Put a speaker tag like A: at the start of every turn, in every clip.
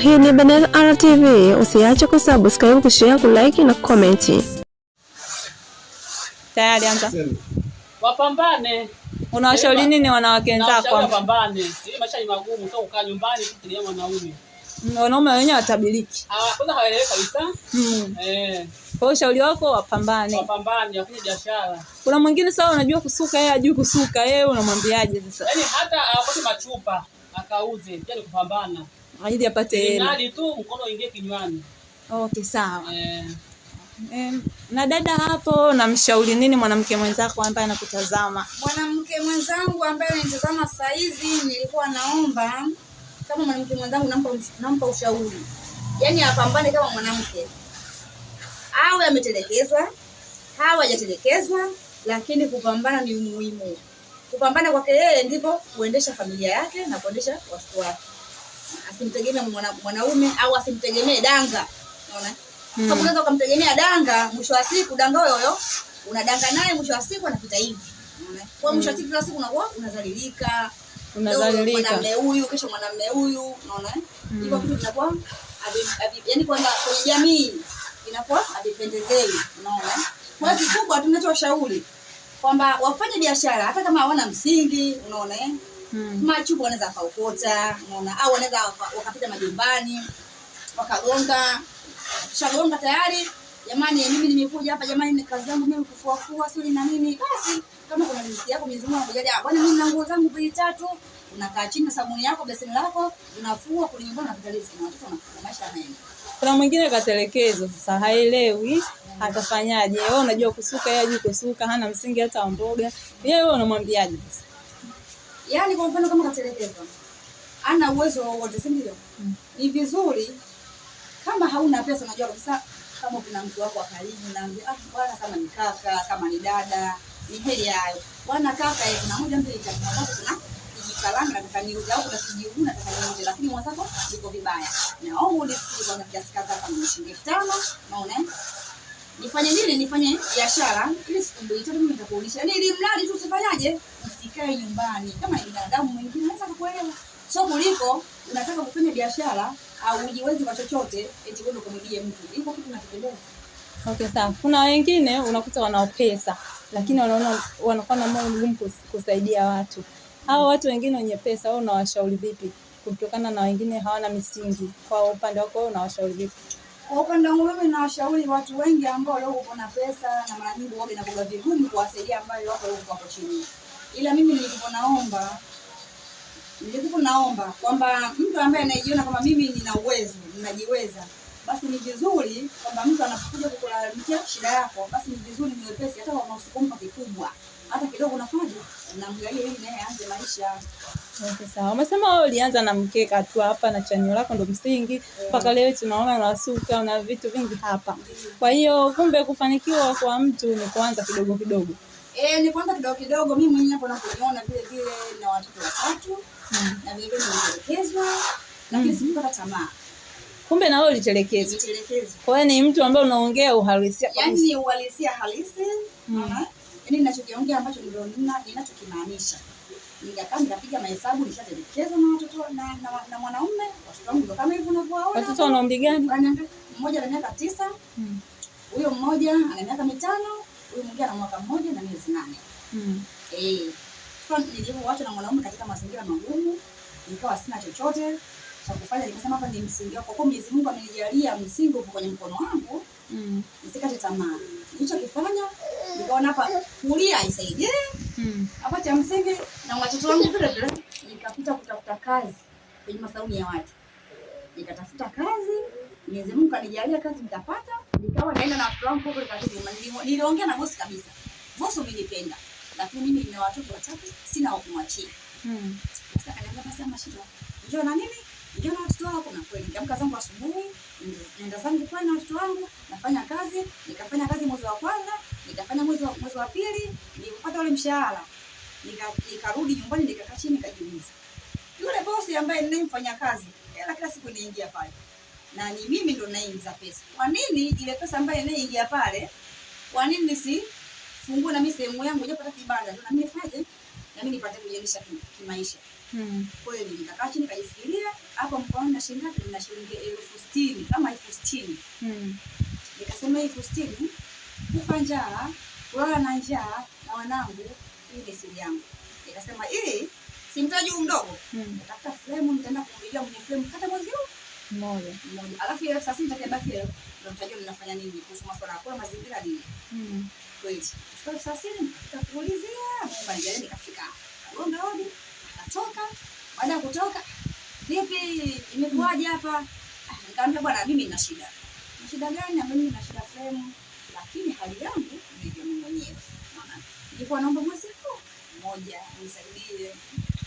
A: Hii ni Benel RTV, usiache kusubscribe, kushare, kulike na comment. Tayari anza.
B: Wapambane.
A: Unawashauri nini wanawake wenzako?
B: Wapambane. Hii yaani maisha ni magumu, sio ukaa nyumbani tukilia mwanaume.
A: Wanaume wenyewe watabiriki.
B: Ah, kwanza hawaelewi kabisa. Mm. Eh.
A: Kwa ushauri wako wapambane.
B: Wapambane, afanye biashara.
A: Kuna mwingine sasa unajua kusuka, yeye ajui kusuka, yeye unamwambiaje
B: sasa? Yaani hata akote machupa akauze, tena kupambana ili apate hela tu, mkono ingie kinywani.
A: Okay, sawa eh. Eh, na dada hapo, namshauri nini mwanamke mwenzako ambaye anakutazama?
B: Mwanamke mwenzangu ambaye ananitazama sasa hizi, nilikuwa naomba kama mwanamke mwenzangu, nampa nampa ushauri, yaani apambane kama mwanamke, awe ametelekezwa, hawa hajatelekezwa, lakini kupambana ni muhimu. Kupambana kwake yeye ndivyo kuendesha familia yake na kuendesha watoto wake. Asimtegemee mwanaume au asimtegemee danga. Unaona? hmm. Sababu unaweza kumtegemea danga, mwisho wa siku danga huyo huyo unadanga naye, mwisho wa siku anapita hivi. Unaona? Kwa mwisho wa hmm. siku kila siku unakuwa unazalilika.
A: Unazalilika.
B: Mwanamume huyu kesho mwanamume huyu, unaona? Hmm. hivyo hmm. kitu kinakuwa yaani kwamba kwenye jamii inakuwa havipendezei, unaona? Kwa hiyo kikubwa tunachoshauri kwamba wafanye biashara hata kama hawana msingi, unaona eh? Hmm. Machupa wanaweza wakaokota, unaona au wanaweza wakapita majumbani wakagonga, shagonga tayari. Jamani, mimi nimekuja hapa jamani, ni kazi yangu mimi kufuafua sio na nini. Basi kama kuna riziki yako Mwenyezi Mungu anakujalia, ah, bwana, mimi na nguo zangu mbili tatu, unakaa chini na sabuni yako beseni lako unafua kulingana na kitalizi na watoto, na maisha yanaenda.
A: Kuna mwingine katelekezwa, sasa haelewi atafanyaje? Wewe unajua kusuka, yeye hajui kusuka, hana msingi hata wa mboga. Yeye wewe unamwambiaje sasa?
B: Yaani kwa mfano kama katelekeza ana uwezo wowote, si ndio? Mm. Ni vizuri kama hauna pesa, unajua kabisa kama kuna mtu wako wa karibu, naambia ah, bwana, kama ni kaka, kama ni dada, ni heri hayo bwana, kaka, yeye eh, kuna moja mbili tatu na tatu na kijikalanga nataka niuze au kuna kijibu nataka niuze, lakini mwanzo yuko vibaya, naomba unisikie kwa kiasi kadhaa, kama shilingi elfu tano, nifanye nini? Nifanye biashara ile siku mbili tatu, mimi nitakuulisha. Yani ili mradi tu usifanyaje, usikae nyumbani. Kama ni binadamu mwingine anaweza kukuelewa, so kuliko unataka kufanya biashara au ujiwezi kwa chochote, eti wewe ukamwibie mtu, iko kitu nakipendeza.
A: Okay, sawa. Kuna wengine unakuta wanao pesa lakini wanaona wanakuwa na moyo mgumu kusaidia watu. Hao watu wengine wenye pesa, wao unawashauri vipi? Kutokana na wengine hawana misingi, kwa upande wako wewe unawashauri vipi?
B: Kwa upande wangu mimi nawashauri watu wengi ambao leo uko na pesa na mara nyingi wao inakuwa vigumu kuwasaidia ambayo wako leo hapo chini. Ila mimi nilikuwa naomba nilikuwa naomba kwamba mtu ambaye anajiona kwamba mimi nina uwezo, ninajiweza, basi ni vizuri kwamba mtu anapokuja kukulalamikia shida yako, basi ni vizuri ni wepesi, hata kwa usikumpa kikubwa, hata kidogo, unafanyaje? Unamgalia ili naye aanze maisha
A: sawa. Umesema wewe ulianza na mkeka tu hapa na chanio lako ndo msingi mpaka Leo tunaona na suka na vitu vingi hapa. Kwa hiyo kumbe kufanikiwa kwa mtu ni kuanza kidogo kidogo.
B: Eh, ni kuanza kidogo kidogo. Mimi mwenyewe hapo nakuona vile vile na watoto watatu hmm. na vile vile nilielekezwa lakini mm. sikupata tamaa.
A: Kumbe na wewe ulitelekezwa. Kwa hiyo ni mtu ambaye unaongea uhalisia.
B: Yaani ni uhalisia halisi. Mm. Yaani ninachokiongea ambacho ndio ninachokimaanisha nikakaa nikapiga mahesabu, nishatelekeza na watoto na, na, na mwanaume. Watoto wangu ndo kama hivyo unavyowaona.
A: Watoto wana umri gani?
B: Mmoja ana miaka tisa, hmm. huyo hmm. mmoja ana miaka mitano, huyo mwingine ana mwaka mmoja na miezi nane. hmm. Eh, nilivyowacha na mwanaume katika mazingira magumu, nikawa sina chochote cha kufanya. Nikasema hapa ni msingi wako, kwa Mwenyezi Mungu amenijalia msingi uko kwenye mkono wangu, hmm. nisikate mm. tamaa. Nilichokifanya nikaona hapa kulia isaidie eh. hmm. hapa cha msingi na watoto wangu vile vile, nikapita kutafuta kazi kwenye masauni ya watu, nikatafuta kazi. Mwenyezi Mungu kazi, nikawa naenda na watoto wangu Niliongea na bosi kabisa, bosi umenipenda, lakini mimi nina watoto watatu, sina wa kumwachia. Mm. Sasa kaniambia basi, ama shida, njoo na mimi na watoto wako. Na kweli zangu asubuhi, zangu na watoto wangu, nafanya kazi, nikafanya kazi mwezi wa kwanza baada mwezi wa mwezi wa pili nilipata ule mshahara. Nikarudi nika nyumbani nikakaa chini nikajiuliza. Yule bosi ambaye ninayemfanya kazi, hela kila siku inaingia pale. Na ni mimi ndo naingiza pesa. Kwa nini ile pesa ambayo inaingia pale? Kwa nini nisifungue na mimi sehemu yangu japo hata kibanda ndio na mimi nifanyaje? Na mimi nipate kujiendesha kimaisha. Hmm. Kwa hiyo nikakaa chini nikajifikiria hapo mkoani na shilingi ngapi? Na shilingi elfu sitini kama elfu sitini. Hmm. Nikasema elfu sitini kufa njaa, kulala na njaa na wanangu, hii ni siri yangu. Nikasema hii simtaji huyu mdogo mm. hmm. fremu, nitaenda kumpigia mwenye fremu kata mwezi huu mmoja mmoja, alafu ile sasa nitakabaki leo ndio nitajua ninafanya nini kuhusu masuala ya kula mazingira nini mm. Kweli kwa sasa tutakuulizia nitakuulizia mfanyeni, nikafika gonga hodi, atoka, Baada ya kutoka, vipi, imekuwaje hapa? Ah, Nikamwambia bwana, mimi nina shida. Shida gani? Na mimi nina shida fremu lakini hali yangu ndio mimi mwenyewe. Unaona, nilikuwa naomba mwezi huu mmoja nisaidie,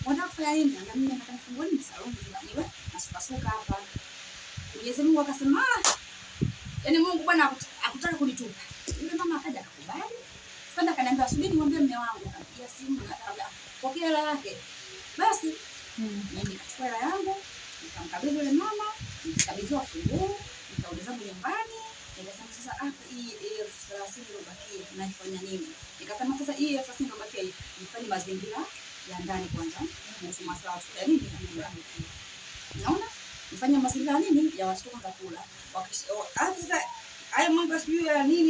B: mwenda kufanya nini? Na mimi nataka kufungua ni fungueni na niwe nasukasuka hapa. Mwenyezi Mungu akasema, ah, yaani Mungu bwana akutaka kunitupa. Yule mama akaja akakubali, kwanza akaniambia subiri, niambie mume wangu. akapiga simu na pokea hela yake, basi mimi nikachukua hela yangu nikamkabidhi yule mama, nikabidhiwa funguo, nikaongeza nyumbani sasa hapa hii elfu thelathini iliyobakia naifanya nini? Nikasema sasa hii elfu thelathini iliyobakia nifanye mazingira ya ndani kwanza, nasema sawa, ya nini naona nifanye mazingira nini ya watoto kwanza kula wakisha sasa hayo mambo sijui ya nini